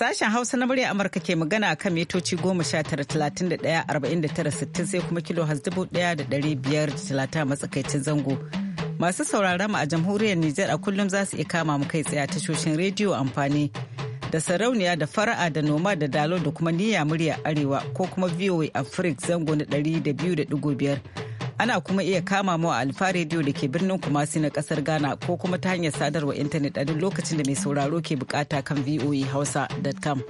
Sashen Hausa na murya Amurka ke magana a kan mitoci 19,31,49,60 sai kuma kilo talata matsakaicin zango. Masu sauraron mu a jamhuriyar Nijar a kullum za su iya kama mu kai tsaye tashoshin rediyo amfani da sarauniya da fara'a da noma da dalo da kuma niyya murya arewa ko kuma VOA Africa zango na 200.5 ana kuma iya kama mu a alfa radio da ke birnin kumasi na kasar ghana ko kuma ta hanyar sadarwa intanet a duk lokacin da mai sauraro ke bukata kan voehausa.com.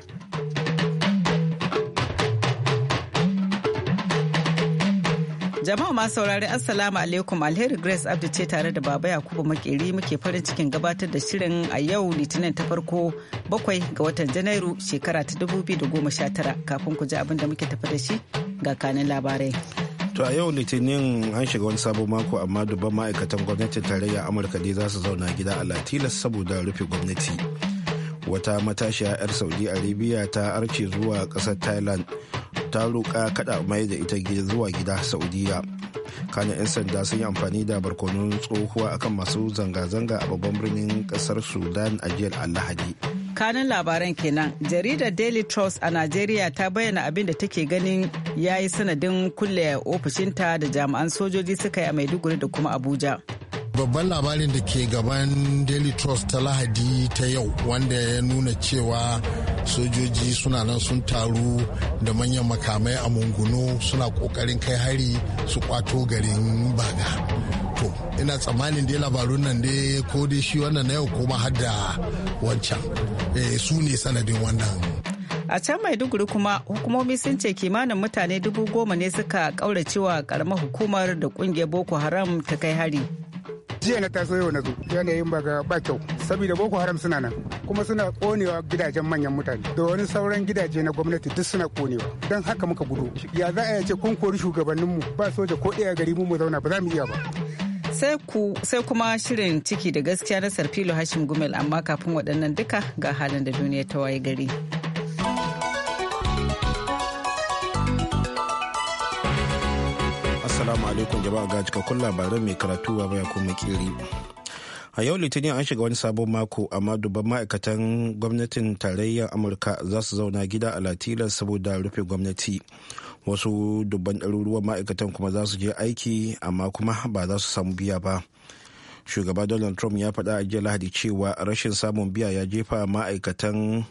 jama'a masu saurari assalamu alaikum alheri grace abdu ce tare da baba yakubu makeri muke farin cikin gabatar da shirin a yau litinin ta farko bakwai ga watan janairu shekara ta 2019 kafin ku ji abin da muke tafi da shi ga kanin labarai To a yau litinin an shiga wani sabon mako amma dubban ma'aikatan gwamnatin tarayya Amurka dai za su zauna gida a latilas saboda rufe gwamnati. Wata matashiya 'yar Saudi Arabia ta arce zuwa ƙasar Thailand ta roƙa kada mai da ita zuwa gida Saudiya. kana 'yan sanda sun yi amfani da barkonon tsohuwa akan masu zanga-zanga a babban birnin ƙasar Sudan a jiyar alhaji. tsakanin labaran kenan jaridar daily trust a najeriya ta bayyana abin da take ganin ya yi sanadin kulle ofishinta da jami'an sojoji suka yi a maiduguri da kuma abuja babban labarin da ke gaban daily trust ta lahadi ta yau wanda ya nuna cewa sojoji suna nan sun taru da manyan makamai a munguno suna kokarin kai hari su kwato garin baga to ina tsammanin ya labarun nan da ko dai shi wannan na yau ko ma har da wancan eh, su ne sanadin wannan a can maiduguri kuma hukumomi sun ce kimanin mutane dubu goma ne suka kauracewa karamar hukumar da kungiyar boko haram ta kai hari jiya na taso yau na zo yanayin ba ba kyau saboda boko haram suna nan kuma suna konewa gidajen manyan mutane da wani sauran gidaje na gwamnati duk suna konewa don haka muka gudu ya za a ce kun kori shugabanninmu ba soja ko iya gari mu mu zauna ba za mu iya ba sai kuma shirin ciki da gaskiya na sarfilo hashim gumel amma kafin waɗannan duka ga halin da duniya ta waye gari assalamu alaikum jama'a ga cikakkun labaran mai karatu ba baya kuma kiri a yau litinin an shiga wani sabon mako amma dubban ma'aikatan gwamnatin tarayyar amurka za su zauna gida a latilan saboda rufe gwamnati wasu dubban ɗaruruwan ma'aikatan kuma za su je aiki amma kuma ba za su samu biya ba shugaba donald trump ya faɗa a jiya lahadi cewa rashin samun biya ya jefa ma'aikatan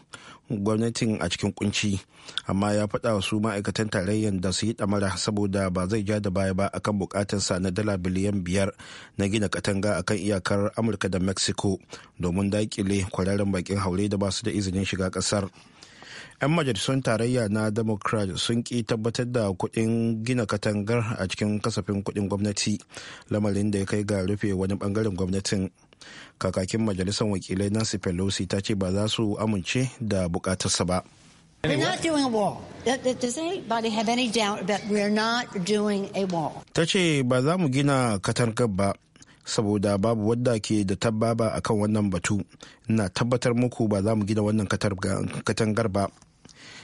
gwamnatin a cikin kunci amma ya faɗa wasu ma'aikatan tarayyar da su yi ɗamara saboda ba zai ja da baya ba akan buƙatarsa na dala biliyan biyar na gina katanga akan iyakar amurka da mexico domin daƙile kwararren baƙin haure da ba su da izinin shiga ƙasar. 'yan majalisun tarayya na democrat sun ki tabbatar da kuɗin gina katangar a cikin kasafin kuɗin gwamnati lamarin da ya kai ga rufe wani bangaren gwamnatin kakakin majalisar wakilai nancy pelosi ta ce ba za su amince da bukatarsa ba ta ce ba za mu gina katangar ba saboda babu wadda ke da tabbaba akan wannan batu na tabbatar muku ba za mu gina wannan katangar ba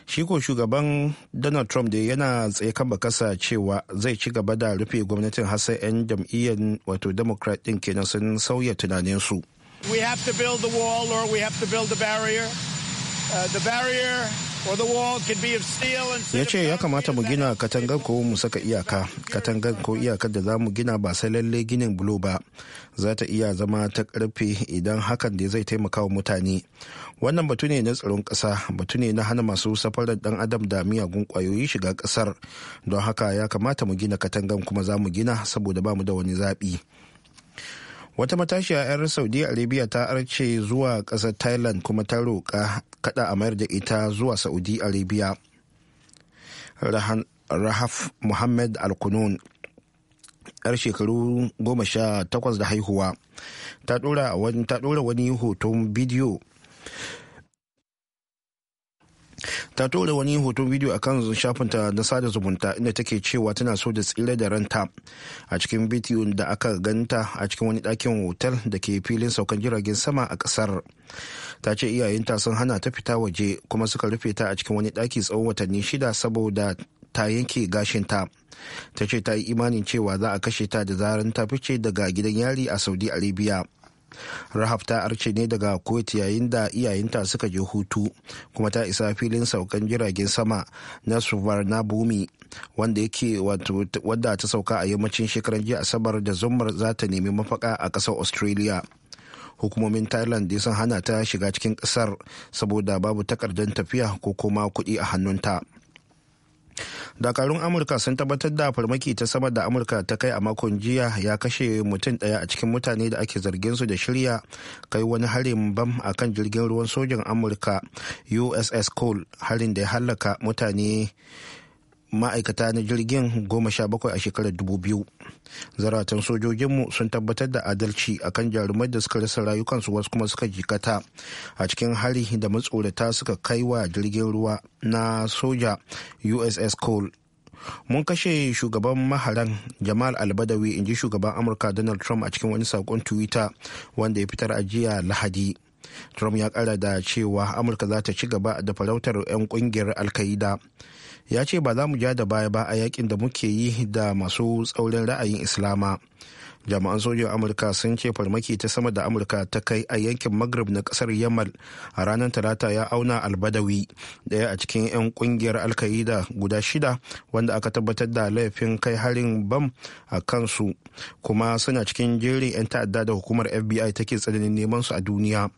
shi ko shugaban donald trump da yana tsaye kan bakasa cewa zai ci gaba da rufe gwamnatin hasa 'yan jam'iyyar wato democrat din kenan sun sauya tunaninsu we have to build the wall or we have to build the barrier uh, the barrier ya ce ya kamata mu gina katangar ko mu saka iyaka katangar ko iyakar da za mu gina ba sai lalle ginin bulo ba za ta iya zama ta karfe idan hakan da zai taimaka wa mutane wannan batu ne na tsaron ƙasa batu ne na hana masu safarar dan adam da miyagun kwayoyi shiga ƙasar don haka ya kamata mu gina katangan kuma za mu gina saboda ba mu da wani zaɓi. wata matashiya 'yar saudi arabia ta arce zuwa ƙasar thailand kuma ta roƙa kada a mayar da ita zuwa saudi arabia rahaf muhammad alkunun yar shekaru goma sha da haihuwa ta ɗora wani hoton bidiyo ta tura wani hoton bidiyo a kan shafinta na sada zumunta inda take cewa tana so da tsira da ranta a cikin bidiyo da aka ganta a cikin wani ɗakin hotel da ke filin saukan jiragen sama a kasar ta ce iyayenta sun hana ta fita waje kuma suka rufe ta a cikin wani ɗaki tsawon watanni shida saboda ta yanke gashinta ta ce ta yi imanin cewa za a kashe ta da zarar ta fice daga gidan yari a saudi arabia rahaf ta arce ne daga kuwait yayin da iyayenta suka je hutu kuma ta isa filin saukan jiragen sama na suvarnabhumi wanda yake wadda ta sauka a yammacin shekaran jiya asabar da zumar za ta nemi mafaka a ƙasar australia hukumomin thailand sun hana ta shiga cikin ƙasar saboda babu takardar tafiya ko kuma kuɗi a hannunta. dakarun amurka sun tabbatar da farmaki ta sama da amurka ta kai a makon jiya ya kashe mutum daya a cikin mutane da ake zargin su da shirya kai wani harin bam a kan jirgin ruwan sojin amurka uss cole harin da ya hallaka mutane ma'aikata na jirgin goma a shekarar dubu zaratan sojojinmu sun tabbatar da adalci akan jarumai da suka rasa rayukansu wasu kuma suka jikata a cikin hari da matsorata suka kai wa jirgin ruwa na soja uss cole mun kashe shugaban maharan jamal albadawi inji shugaban amurka donald trump a cikin wani saƙon twitter wanda ya fitar a jiya lahadi trump ya kara da cewa amurka za ta ci gaba da farautar 'yan kungiyar alkaida ya ce ba za mu ja da baya ba a yakin da muke yi da masu tsaurin ra'ayin islama jami'an sojin amurka sun ce farmaki ta sama da amurka ta kai a yankin maghrib na kasar yamal a ranar talata ya auna albadawi daya a cikin 'yan kungiyar alka'ida guda shida wanda aka tabbatar da laifin kai harin bam a kansu kuma suna cikin jerin 'yan ta'adda da hukumar fbi take tsananin neman su a duniya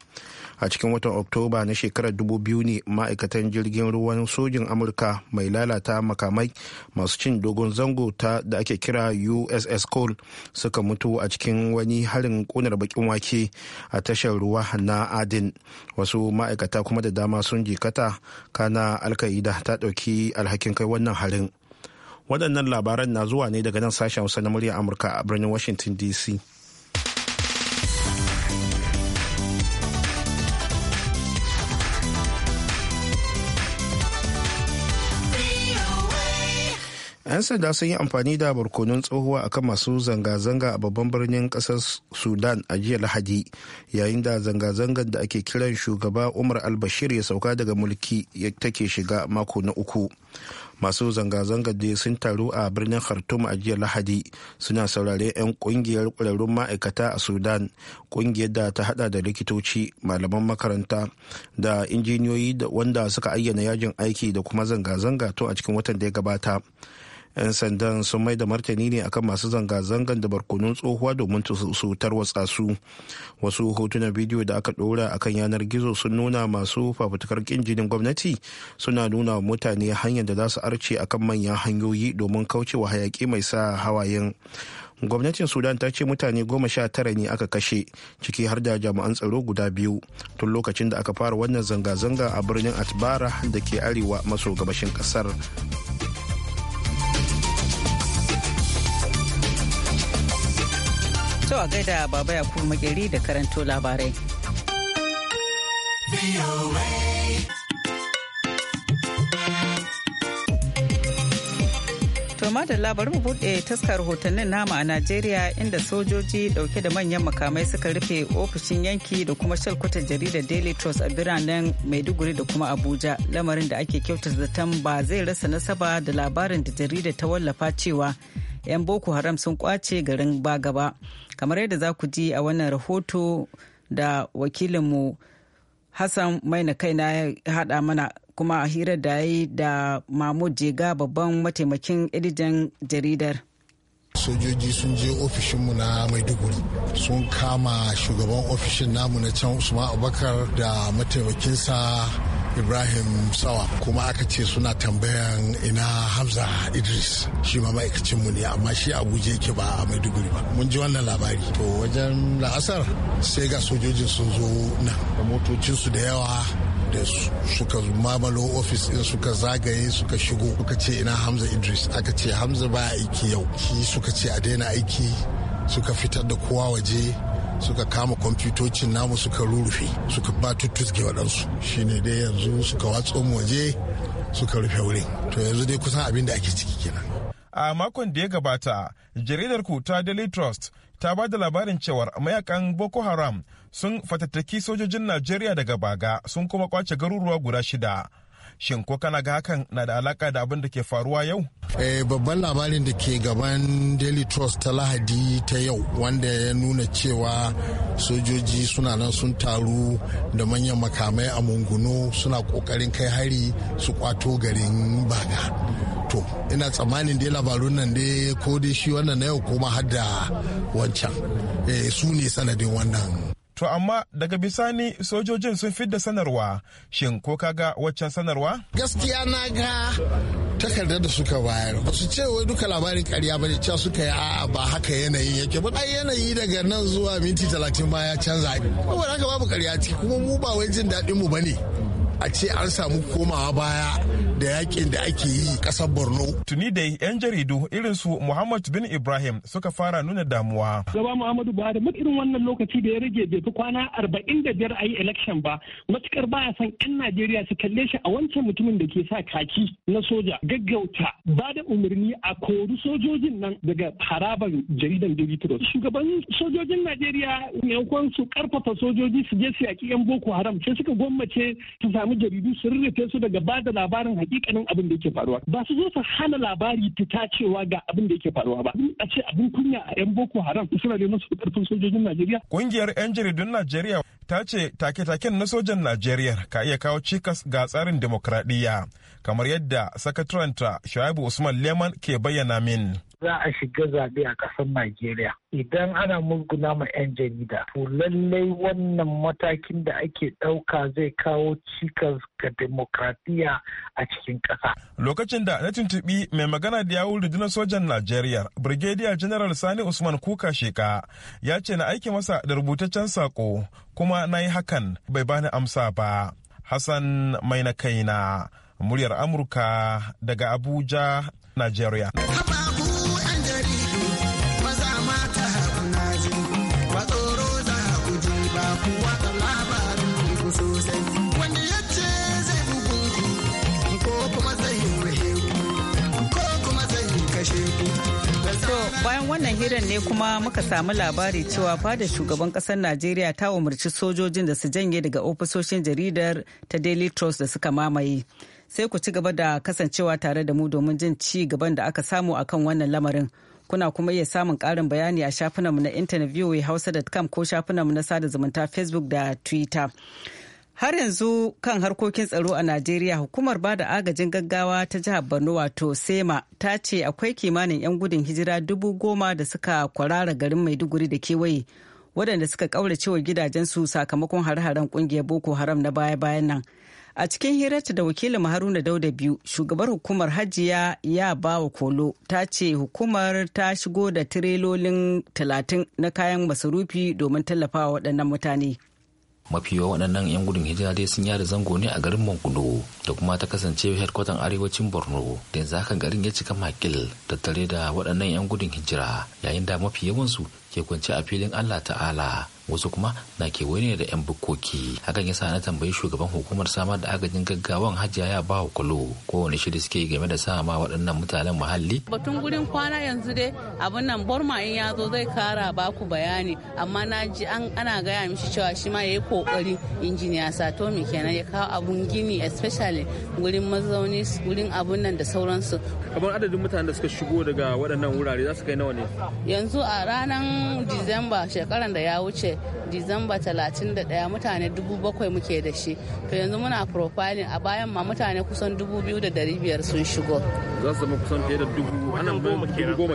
a cikin watan oktoba na shekarar dubu biyu ne ma'aikatan jirgin ruwan sojin amurka mai lalata makamai masu cin dogon zango ta da ake kira uss cole suka mutu a cikin wani harin kunar bakin wake a tashar ruwa na adin wasu ma'aikata kuma da dama sun jikata kana alka'ida ta ɗauki alhakin kai wannan harin waɗannan labaran na zuwa ne daga nan sashen hausa na murya amurka a birnin washington dc 'yan sanda sun yi amfani da barkonon tsohuwa akan masu zanga-zanga a babban birnin kasar sudan a jiya lahadi yayin da zanga-zangar da ake kiran shugaba umar albashir ya sauka daga mulki take shiga mako na uku masu zanga-zangar da sun taru a birnin khartoum a jiya lahadi suna saurare 'yan kungiyar kwararrun ma'aikata a sudan kungiyar da ta hada da likitoci malaman makaranta da injiniyoyi wanda suka ayyana yajin aiki da kuma zanga-zanga to a cikin watan da ya gabata 'yan sandan sun mai da martani ne akan masu zanga-zangan da barkonun tsohuwa domin su tarwatsa su wasu hotunan bidiyo da aka dora akan yanar gizo sun nuna masu fafutukar kin jinin gwamnati suna nuna mutane hanyar da za su arce akan manyan hanyoyi domin kaucewa hayaki mai sa hawayen gwamnatin sudan ta ce mutane goma sha tara ne aka kashe ciki har da jami'an tsaro guda biyu tun lokacin da aka fara wannan zanga-zanga a birnin atbara da ke arewa maso gabashin kasar To a gaida baba ya kuma gari da karanto labarai. Toma da labarin buɗe taskar rahotannin nama a Najeriya inda sojoji ɗauke da manyan makamai suka rufe ofishin yanki da kuma shalkwatar jaridar Daily Trust a biranen Maiduguri da kuma Abuja lamarin da ake kyautar zaton ba zai rasa nasaba da labarin da jaridar ta wallafa cewa 'yan boko haram sun kwace garin gaba kamar yadda za ku ji a wannan rahoto da wakilinmu hassan maina kaina ya hada mana kuma a hirar da ya yi da mahmud jega babban mataimakin editan jaridar sojoji sun je ofishinmu na maiduguri sun kama shugaban ofishin namu na can usman abubakar da mataimakinsa ibrahim sawa kuma aka ce suna tambayan ina hamza idris shi ma ma'aikacin mu ne amma shi abuja yake ba a maiduguri ba mun ji wannan labari to wajen la'asar sai ga sojojin sun zo nan da motocinsu da yawa da suka mamalo ofis ɗin suka zagaye suka shigo suka ce ina hamza idris aka ce hamza ba aiki yau shi suka ce a daina aiki suka fitar da kowa waje suka kama kwamfutocin namu suka rurufe suka ba tuttuske waɗansu shine dai yanzu suka watso waje suka rufe wurin to yanzu dai kusan abin da ake ciki kenan a makon da ya gabata jaridar ku ta daily trust ta ba da labarin cewar mayakan boko haram sun fatattaki sojojin najeriya daga baga sun kuma kwace garuruwa guda shida Shin ko kana ga hakan na da alaka da abin da ke faruwa yau? Eh, babban labarin da ke gaban Daily Trust ta Lahadi ta yau wanda ya nuna cewa sojoji suna nan sun taru da manyan makamai a munguno suna kokarin kai hari su kwato garin baga. To, ina tsammanin dai labarun nan dai ko dai shi wannan na yau kuma har wancan. Eh, su ne sanadin wannan To amma daga bisani sojojin sun fidda sanarwa, shin ko kaga waccan sanarwa? Gaskiya na ga takardar da suka bayar ba su ce wai duka labarin karya ba ne cewa suka yi a'a ba haka yanayin yake ba ai yanayi daga nan zuwa minti talatin ma ya canza saboda haka babu karya ciki kuma mu ba wai jin daɗin mu ne. a ce an samu komawa baya da yakin da ake yi kasar borno tuni dai yan jaridu irin su muhammad bin ibrahim suka fara nuna damuwa gaba muhammadu buhari duk irin wannan lokaci da ya rage bai fi kwana arba'in da biyar a yi election ba matukar baya san yan najeriya su kalle shi a wancan mutumin da ke sa kaki na soja gaggauta ba da umarni a kori sojojin nan daga haraban jaridan daily trust shugaban sojojin najeriya yankon su karfafa sojoji su je su yaki yan boko haram sai suka gwammace su samu samu jaridu su rurrufe su daga ba da labarin hakikanin abin da yake faruwa ba su zo su hana labari fita cewa ga abin da yake faruwa ba a ce abin kunya a yan boko haram suna neman su karfin sojojin najeriya kungiyar yan jaridun najeriya ta ce take-taken na sojan najeriya ka iya kawo cikas ga tsarin demokradiyya kamar yadda sakataren ta shaibu usman leman ke bayyana min za a shiga zaɓe a ƙasar Najeriya. Idan ana musguna ma 'yan jarida, to lallai wannan matakin da ake ɗauka zai kawo cikas ga demokradiyya a cikin ƙasa. Lokacin da na tuntuɓi mai magana da yawun rundunar sojan Najeriya, Brigadier General Sani Usman Kuka Sheka, ya ce na aiki masa da rubutaccen sako kuma na yi hakan bai bani amsa ba. Hassan Mai kaina, muryar Amurka daga Abuja, Najeriya. wannan hirar ne kuma muka samu labari cewa fada shugaban kasar Najeriya ta umarci sojojin da su janye daga ofisoshin jaridar ta Daily Trust da suka mamaye. Sai ku ci gaba da kasancewa tare da mu domin jin ci gaban da aka samu akan wannan lamarin. Kuna kuma iya samun ƙarin bayani a shafinanmu na intanet hausa.com ko shafinanmu na sada zumunta Facebook da Twitter. Har yanzu kan harkokin tsaro a Najeriya hukumar bada agajin gaggawa ta jihar Borno wato SEMA ta ce akwai kimanin 'yan gudun hijira dubu goma da suka kwarara garin Maiduguri da kewaye waɗanda suka ƙaurace wa gidajensu sakamakon har-haren ƙungiyar Boko Haram na baya-bayan nan. A cikin hirarta da wakilin Haruna Dauda biyu, shugabar hukumar Hajiya ya bawa kolo ta ce hukumar ta shigo da tirelolin talatin na kayan masarufi domin tallafawa waɗannan mutane. mafi yawa waɗannan 'yan gudun hijira dai sun yada zango ne a garin mangudo da kuma ta kasance hedkwatan arewacin borno da yanzu haka garin ya cika makil tattare da waɗannan 'yan gudun hijira yayin da mafi yawansu ke kwance a filin allah ta'ala wasu kuma na kewaye ne da 'yan bukkoki hakan yasa na tambayi shugaban hukumar samar da agajin gaggawan hajiya ya ba kulo kowane shiri suke game da sa ma waɗannan mutanen muhalli batun gurin kwana yanzu dai abin nan borma in ya zo zai kara ba ku bayani amma na ji an ana gaya mishi cewa shi ma ya yi kokari injiniya sato mai kenan ya kawo abun gini especially gurin mazauni gurin abun nan da sauransu kamar adadin mutanen da suka shigo daga waɗannan wurare za su kai nawa ne yanzu a ranar disamba shekaran da ya wuce disamba 31 mutane 7,000 muke da shi to yanzu muna profiling a bayan ma mutane kusan 2,500 sun shigo za su zama kusan fiye da dubu ana goma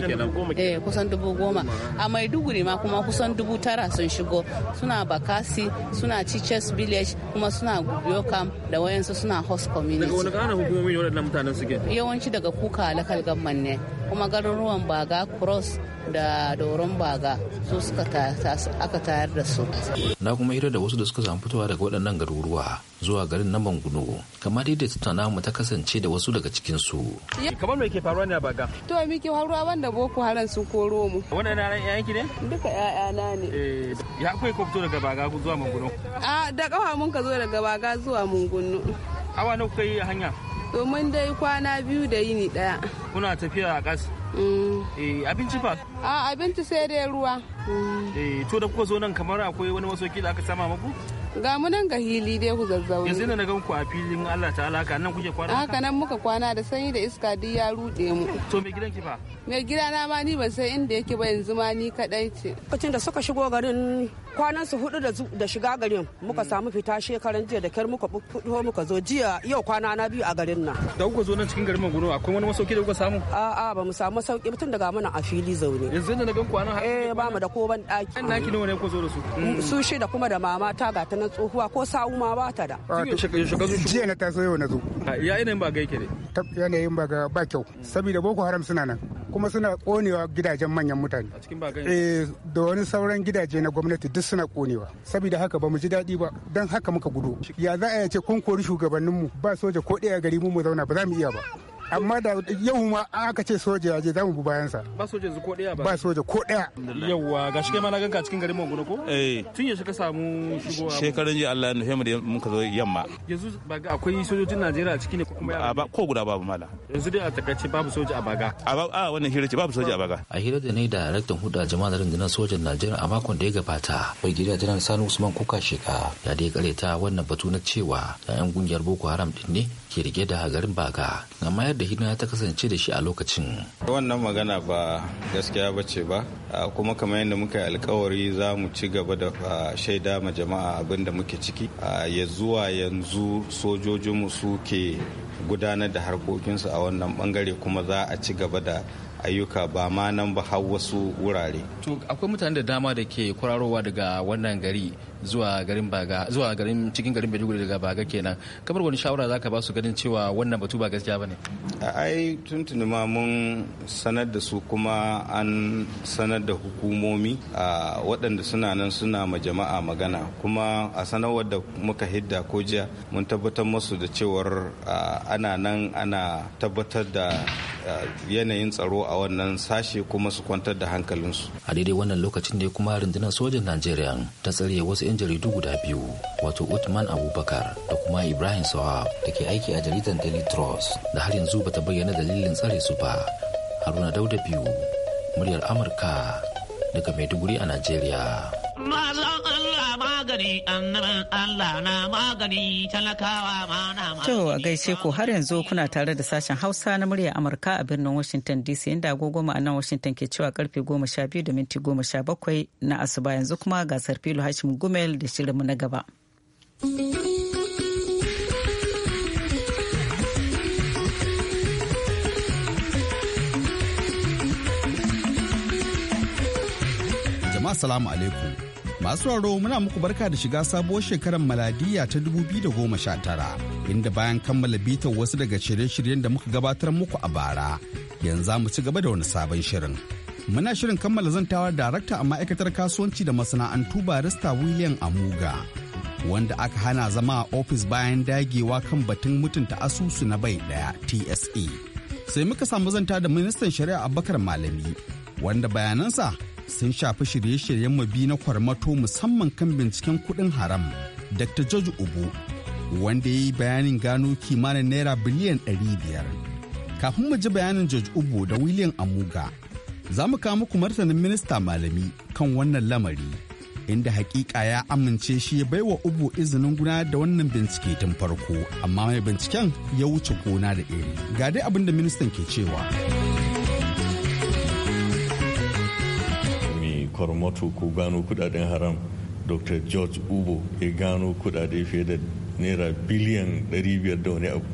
kenan eh kusan dubu goma a maiduguri ma kuma kusan dubu tara sun shigo suna bakasi suna chiches village kuma suna gubiyo kam da wayansu suna host community daga wani kana hukumomi ne waɗannan mutanen suke yawanci daga kuka lakal gamman ne kuma garuruwan baga cross da doron baga su suka aka tayar da su na kuma hira da wasu da suka samu fitowa daga waɗannan garuruwa zuwa garin na manguno kamar yadda tattauna mu ta kasance da wasu daga cikin su kamar me ke faruwa ne a baga to me ke faruwa wanda boko haran su koro mu wannan yaran yayan ki ne duka yayana ne eh, ya akwai ko fito daga baga zuwa manguno Ah, da kafa mun ka zo daga baga zuwa manguno awa nawa kai hanya domin dai kwana biyu da yini daya kuna tafiya a ƙasa Mm. Eh, abinci ba A abinci sai dai ruwa. Mm. Eh, to da kuka zo nan kamar akwai wani masoki da aka sama maku. Ga mu nan ga hili dai ku zazzauni. Yanzu na gan ku a filin Allah ta'ala alaka nan kuke kwana. Haka nan muka kwana da sanyi da iska duk ya rude mu. To me gidan ki fa? Me gidana ma ni ba sai inda yake ba yanzu ma ni kadai ce. Lokacin da suka shigo garin kwanan su hudu da shiga garin muka mm. samu fita shekaran jiya da kyar muka fito muka zo jiya yau kwana na biyu a garin nan. Da kuka zo nan cikin garin Maguno akwai wani masauki da kuka samu? A'a ba mu samu sauki tun daga mana a fili zaune. Yanzu da na nan eh, kwana. Eh ba mu da ko ban daki. Ɗan naki nawa ne ku zo da su? Su da kuma da mama ta ga ta na tsohuwa ko sawu ma ba ta da. Jiya na taso yau na zo. Ya yanayin ba gaike ne. Yanayin ba ga ba kyau. Saboda Boko Haram suna nan. kuma suna konewa gidajen manyan mutane. A cikin ba Eh da wani sauran gidaje na gwamnati duk suna konewa. Saboda haka ba mu ji daɗi ba don haka muka gudu. Ya za a yace kun kori shugabanninmu ba soja ko ɗaya gari mu mu zauna ba za mu iya ba. amma da yau ma aka ce soja ya je za mu bi bayansa ba soja yanzu ko daya ba ba soja ko daya yawa gashi kai ma na ganka cikin garin Manguno ko eh tun yaushe ka samu shigowa shekaran ji Allah ya nufe da mun ka zo yamma yanzu ba ga akwai sojojin Najeriya cikin ne ko kuma ba ko guda babu mala yanzu dai a takaice babu soja a baga a ba a wannan hira ce babu soja a baga a hira da ne da raktan hudu a jama'ar rundunar sojan Najeriya a makon da ya gabata bai gida jiran Sani Usman Kuka Sheka ya dai ta wannan batu na cewa 'yan gungiyar Boko Haram din ne ke rike da garin baka ga mayar da hidima ta kasance da shi a lokacin wannan magana ba gaskiya ba ce ba kuma kamar yadda muka yi alkawari za mu ci gaba da shaida ma jama'a abin da muke ciki ya zuwa yanzu sojojinmu suke gudanar da harkokinsu a wannan bangare kuma za a ci gaba da ayyuka ba ma nan ba har wasu wurare. To akwai mutane da dama da ke kwararowa daga wannan gari zuwa garin baga zuwa garin cikin garin Maiduguri daga baga kenan kamar wani shawara zaka ba su ganin cewa wannan batu ba gaskiya bane. Ai tuntuni ma mun sanar da su kuma an sanar da hukumomi a waɗanda suna nan suna ma jama'a magana kuma a sanarwar da muka hidda ko jiya mun tabbatar musu da cewar ana nan ana tabbatar da yanayin tsaro a wannan sashe kuma su kwantar da hankalinsu a daidai wannan lokacin ne kuma rundunar sojan najeriya ta tsare wasu 'yan jaridu guda biyu wato utman abubakar da kuma ibrahim sawab da ke aiki a jaridar daily trust da har yanzu bata bayyana dalilin tsare su ba haruna dauda biyu muryar amurka daga maiduguri a najeriya annaban Allah na magani talakawa ma na To a gaishe ku har yanzu kuna tare da sashen Hausa na murya Amurka a birnin Washington DC inda agogo nan Washington ke cewa karfe 12 da minti 17 na asuba yanzu kuma ga Sarfilu Hashim Gumel da mu na gaba. jama'a salamu alaikum Masu raro muna muku barka da shiga sabuwar shekarar maladiya ta 2019 inda bayan kammala bitar wasu daga shirye-shiryen da muka gabatar muku a bara yanzu za mu ci gaba da wani sabon shirin. Muna shirin kammala zantawar darakta a ma'aikatar kasuwanci da masana'antu barista William Amuga wanda aka hana zama a ofis bayan dagewa kan batun mutunta asusu na bai daya TSA. E. Sai muka samu zanta da ministan shari'a Abubakar Malami wanda bayanansa sun shafi shirye-shiryen mabi na kwarmato musamman kan binciken kuɗin haram dr george ubu wanda ya yi bayanin gano kimanin naira biliyan 500 kafin mu ji bayanin george ubu da william amuga za mu kawo muku martanin minista malami kan wannan lamari inda hakika ya amince shi ya baiwa ubu izinin gudanar da wannan bincike tun farko amma mai binciken ya wuce gona da iri ga dai abin da ministan ke cewa. kormoto ko gano kudaden haram dr george ubo ya gano kudade fiye da naira biliyan 500 da wani abu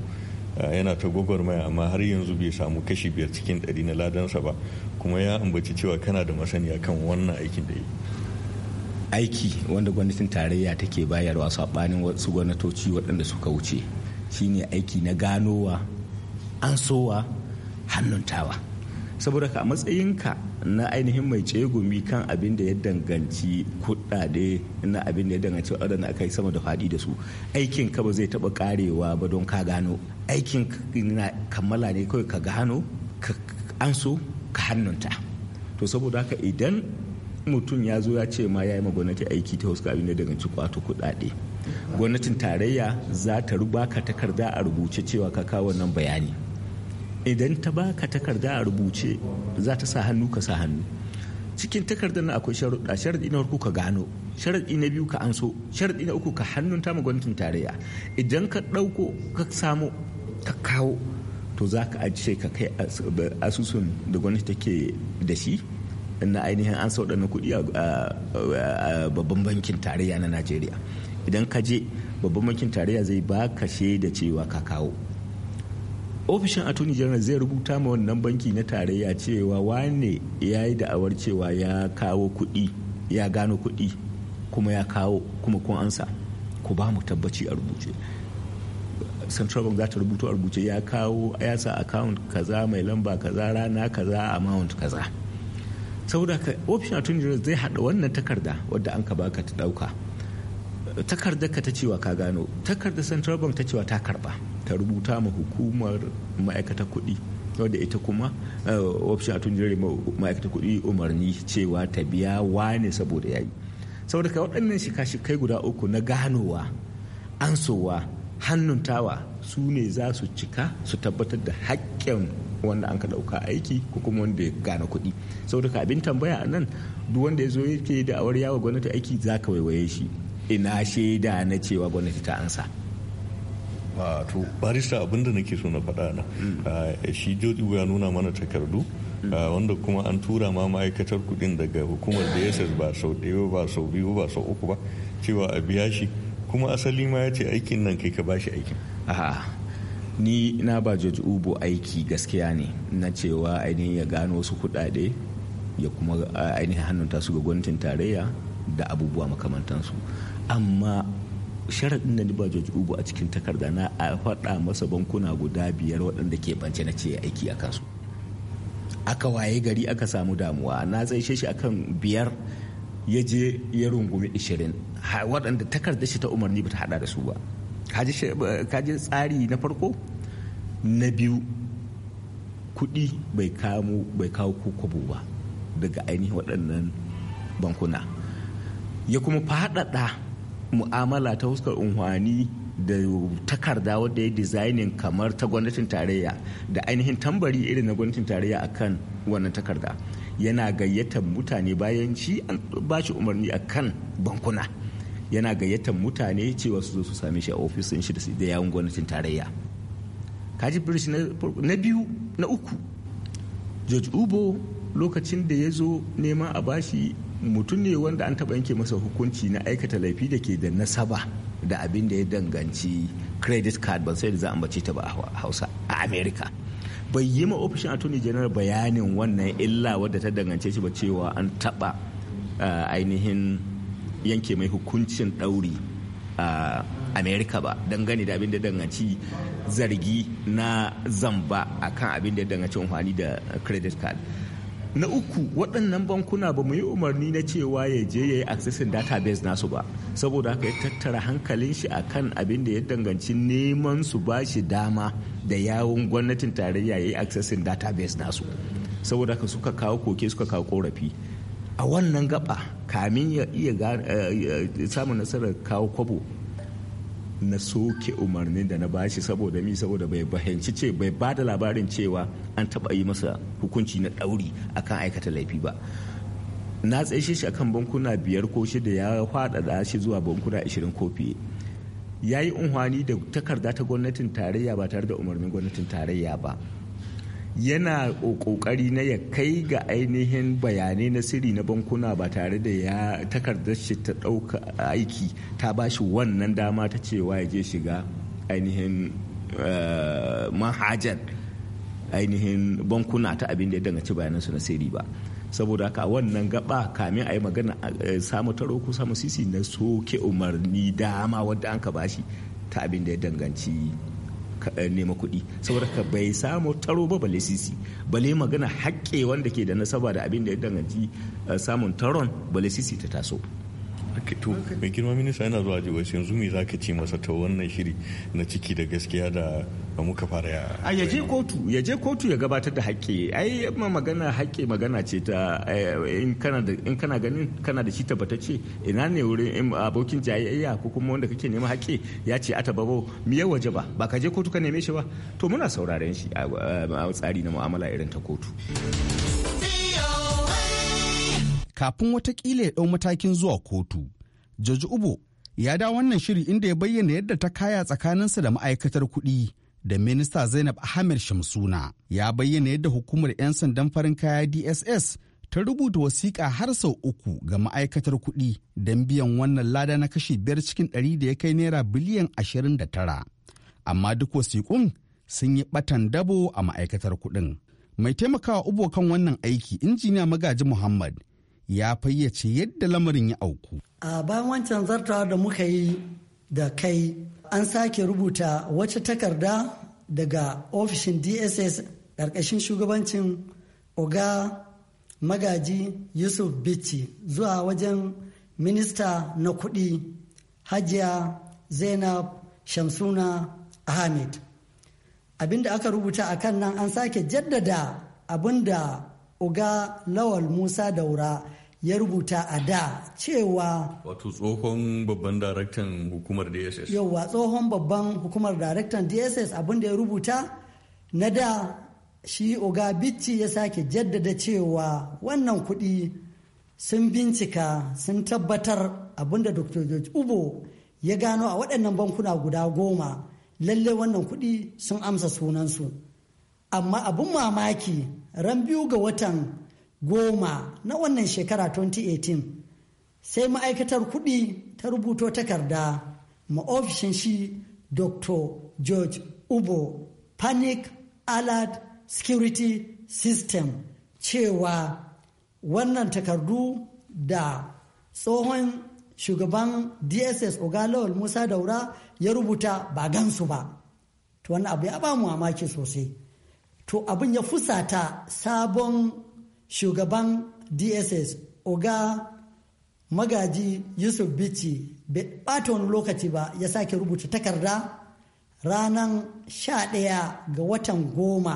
ah, yana ta gwagwarmaya amma har yanzu bai samu kashi biyar cikin ɗari na ladansa ba kuma ya ambaci cewa kana da masaniya kan wannan aikin da yi aiki wanda gwamnatin tarayya take bayarwa saɓanin wasu gwamnatoci waɗanda suka wuce shine aiki na ganowa an sowa hannuntawa saboda ka matsayinka na ainihin mai tsegumi kan abin da ya danganci kuɗaɗe na abin da ya danganci waɗanda aka yi sama da faɗi da su aikin ka ba zai taɓa karewa ba don ka gano aikin na kammala ne kawai ka gano ka an so ka hannunta to saboda haka idan mutum ya zo ya ce ma ya yi ma gwamnati aiki ta wasu abin da danganci kwato kuɗaɗe gwamnatin tarayya za ta rubaka takarda a rubuce cewa ka kawo wannan bayani idan ta baka takarda a rubuce za ta sa hannu ka sa hannu cikin takardar na akwai sharuɗa sharaɗi na farko ka gano sharaɗi na biyu ka anso sharaɗi na uku ka hannun ta gwamnatin tarayya idan ka ɗauko ka samu ka kawo to za ka ajiye ka kai asusun da gwamnati take da shi na ainihin an sau na kuɗi a babban bankin tarayya na najeriya idan ka je babban bankin tarayya zai ba baka shaida cewa ka kawo ofishin attorney general zai rubuta ma wannan banki na tarayya cewa wane ya yi da'awar cewa ya kawo kuɗi ya gano kuɗi kuma ya kawo kuma kun ansa ku ba mu tabbaci a rubuce central bank za ta rubuto a rubuce ya kawo ya sa account kaza mai lamba kaza rana kaza amount kaza saboda ka option attorney general zai hada wannan takarda wadda an ka baka ta dauka takarda ka ta cewa ka gano takarda central bank ta cewa ta karba ta rubuta ma hukumar ma'aikata kuɗi wadda ita kuma eh, option attorney general ma'aikata kuɗi umarni cewa ta biya wane saboda yayi saboda ka waɗannan shika-shikai guda uku na ganowa ansowa hannuntawa su ne za su cika su tabbatar da haƙƙin wanda an ka ɗauka aiki ko kuma wanda ya gane kuɗi saboda ka abin tambaya a nan duk wanda ya zo yake da awar yawa gwamnati aiki za ka waiwaye shi ina shaida na cewa gwamnati ta ansa to barista abinda nake so na faɗa na hmm. shi jodi ya nuna mana takardu hmm. wanda kuma an tura ma ma'aikatar kudin daga hukumar dss ba sau ɗaya ba sau biyu ba sau uku ba cewa a biya shi kuma asali ma ya ce aikin nan kai ka bashi aikin ni na ba George ubu aiki gaskiya ne na cewa ainihin ya gano wasu kuɗaɗe ya kuma ainihin hannunta su ga gwamnatin tarayya da abubuwa makamantansu amma sharaɗin na ba George ubu a cikin takarda na a faɗa masa bankuna guda biyar waɗanda ke bance na ce aiki a kansu aka waye gari aka samu damuwa na tsaishe shi akan biyar ya je ya rungumi ishirin waɗanda takardar shi ta umarni ba ta haɗa da su ba kaji tsari na farko na biyu kuɗi bai kawo kokobo ba daga ainihin waɗannan bankuna ya kuma faɗaɗa mu'amala ta huskar unhwani da takarda wadda ya dizainin kamar ta gwamnatin tarayya da ainihin tambari irin na gwamnatin tarayya akan wannan takarda yana gayyatar mutane bayan shi an ba shi umarni akan bankuna yana gayyatar mutane cewa su zo su same shi a ofisin shi da yawon gwamnatin tarayya kaji british na biyu na uku george ubo lokacin da ya zo neman a bashi mutum ne wanda an taba yanke masa hukunci na aikata laifi da ke da nasaba da abin da ya danganci credit card ban sai da za a ambace ta ba a hausa a america bai yi ma ofishin attorney general bayanin wannan illa wadda ta dangance shi ba cewa an taɓa eh, ainihin yanke mai hukuncin ɗauri a america ba dangane da abin da danganci zargi na zamba akan abin da ya danganci amfani da credit card na uku waɗannan bankuna ba mu yi umarni na cewa ya je ya yi accessing database nasu ba saboda haka ya tattara hankalin shi a kan abin da ya danganci neman su ba shi dama da yawon gwamnatin tarayya ya yi accessing database nasu saboda haka suka kawo koke suka kawo korafi a wannan gaba kamin ya iya eh, samun nasarar kawo kwabo na soke umarnin da na bashi saboda mi saboda bai fahimci ce bai ba da labarin cewa an taba yi masa hukunci na ɗauri akan aikata laifi ba na tsaye shi akan bankuna biyar ko shida ya faɗaɗa shi zuwa bankuna ashirin ko fiye ya yi unhwani da takarda ta gwamnatin tarayya ba tare da umarnin gwamnatin tarayya ba yana kokari na ya kai ga ainihin bayanai na sirri na bankuna ba tare da ya takardar shi ta ɗauka aiki ta ba shi wannan dama ta cewa ya je shiga ainihin eh, manhajar ainihin bankuna ta abin da ya danganci bayanansu na sirri ba saboda haka wannan gaba kamin a yi magana eh, samu taro ko samu sisi na soke umarni dama wadda an ka bashi ta abin da ya danganci Eh, nema kuɗi saboda ka bai samu taro ba bale sisi bale magana haƙƙe wanda ke da nasaba da abin da ya danganci eh, samun taron bale sisi ta taso to mai girma minista yana zuwa ajiye wasu yanzu me za ka ce masa ta wannan shiri na ciki da gaskiya da muka fara ya a yaje kotu yaje kotu ya gabatar da haƙƙi ai ma magana haƙƙi magana ce ta eh, in kana da kana ganin kana da shi tabbatacce ina ne wurin abokin jayayya ko kuma wanda kake nema haƙƙi ya ce a tababo mu ya waje ba ba ka je kotu ka neme shi ba to muna sauraren shi a tsari na mu'amala irin ta kotu. kafin watakila ya ɗau matakin zuwa kotu. Jaji Ubo ya da wannan shiri inda ya bayyana yadda ta kaya tsakaninsa da ma'aikatar kuɗi da minista Zainab Ahmed Shamsuna. Ya bayyana yadda hukumar 'yan sandan farin kaya DSS ta rubuta wasiƙa har sau uku ga ma'aikatar kuɗi don biyan wannan lada na kashi biyar cikin ɗari da ya kai naira biliyan ashirin da tara. Amma duk wasiƙun sun yi ɓatan dabo a ma'aikatar kuɗin. Mai taimakawa ubo kan wannan aiki injiniya magaji Muhammad ya fayyace yadda lamarin ya auku. A bayan wancan zartawa da muka yi da kai an sake rubuta wata takarda daga ofishin DSS ƙarƙashin shugabancin Oga Magaji Yusuf Bichi zuwa wajen minista na kuɗi Hajiya Zainab Shamsuna Ahmed. abin da aka rubuta a kan nan an sake jaddada abin da Oga Lawal Musa Daura ya rubuta a da cewa wato tsohon babban daraktan hukumar dss yauwa tsohon babban hukumar daraktan dss abinda ya rubuta na da shi oga bicci ya sake jaddada cewa wannan kuɗi sun bincika sun tabbatar abinda dr george ubo ya gano a waɗannan bankuna guda goma lalle wannan kuɗi sun amsa sunansu amma abin mamaki ran biyu ga watan goma na wannan shekara 2018 sai ma'aikatar kuɗi ta rubuto takarda ma ofishin shi dr george ubo panic alert security system cewa wannan takardu da tsohon shugaban dss ogalawal musa daura ya rubuta ba gansu ba to wannan abu ya ba mu mamaki sosai to abin ya fusata sabon shugaban dss oga magaji yusuf bici bai ɓata wani lokaci ba ya sake rubuta takarda ranar 11 ga watan goma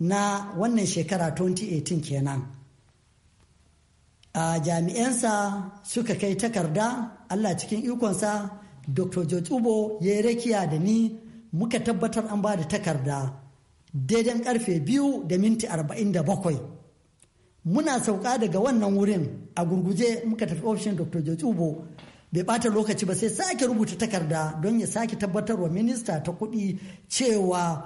na wannan shekara 2018 kenan a jami'ansa suka kai takarda allah cikin ikonsa dr jotsubo ya yi rakiya da ni muka tabbatar an ba da takarda daidan karfe biyu da minti 47 muna sauka daga wannan wurin a gurguje muka tafi ofishin dr jojubo bai bata lokaci ba sai sake rubuta takarda don ya sake tabbatarwa minista ta kudi cewa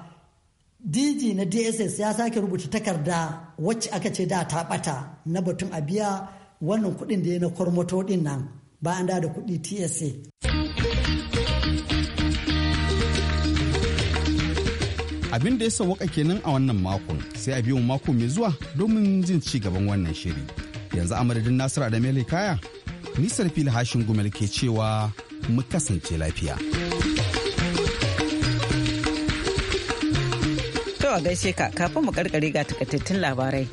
dg na dss ya sake rubuta takarda wacce aka ce da ta bata na batun a biya wannan kudin da ya na kormoto din nan an da kudi tsa abin da ya sauwaka kenan a wannan makon sai a biyu mako mai zuwa domin jin ci gaban wannan shiri yanzu a madadin nasiru da mele kaya nisar fili hashin gumel ke cewa mu kasance lafiya to a gaishe ka kafin mu karkare ga takaitattun labarai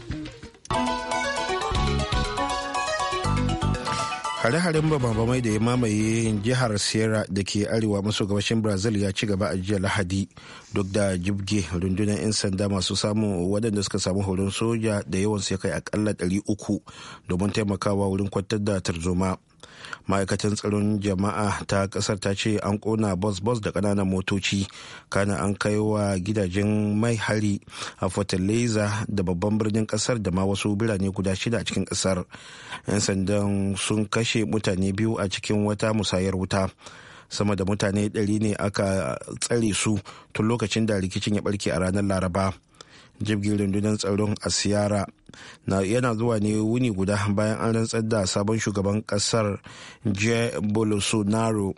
hare-haren babamai da ya mamaye jihar sierra da ke arewa maso gabashin brazil ya ci gaba a jiya lahadi duk da jibge rundunar 'yan sanda masu samun waɗanda suka samu horon soja da yawan sai kai akalla 300 domin taimakawa wurin kwantar da tarzoma ma'aikatan tsaron jama'a ta kasar ta ce an kona bus-bus da kananan motoci kana an kai wa gidajen mai hari a fortaleza da babban birnin kasar da ma wasu birane guda shida a cikin kasar 'yan sandan sun kashe mutane biyu a cikin wata musayar wuta sama da mutane 100 ne aka tsare su tun lokacin da rikicin ya barke a ranar laraba jirgin rundunar tsaron asiyara na yana zuwa ne wuni guda bayan an rantsar da sabon shugaban kasar je bolsonaro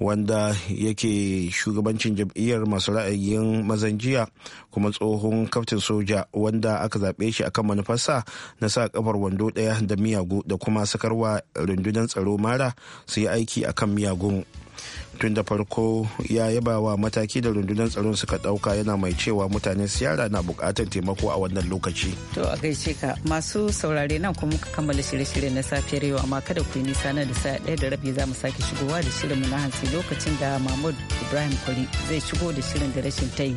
wanda yake shugabancin jam'iyyar masu ra'ayin mazan jiya kuma tsohon kaftin soja wanda aka zaɓe shi akan manufarsa na sa kafar wando ɗaya da miyagu da kuma sakarwa rundunar tsaro mara su yi aiki akan miyagun. tun da farko ya yaba wa mataki da rundunar tsaron suka dauka yana mai cewa mutane siyara na bukatar taimako a wannan lokaci to a gaishe ka masu saurare nan kuma muka kammala shirye-shirye na safiyar yau amma kada ku yi nisa na da sa'a ɗaya da rabi za mu sake shigowa da shirin mu na hantsi lokacin da mahmud ibrahim kwari zai shigo da shirin da rashin tayi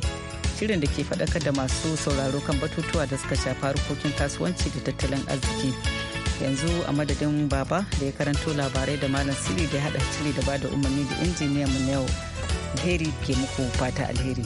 shirin da ke faɗakar da masu sauraro kan batutuwa da suka shafa harkokin kasuwanci da tattalin arziki yanzu a madadin baba da ya karanto labarai da malam siri da ya hada cire da bada umarni da injiniyan mu na yau alheri ke muku fata alheri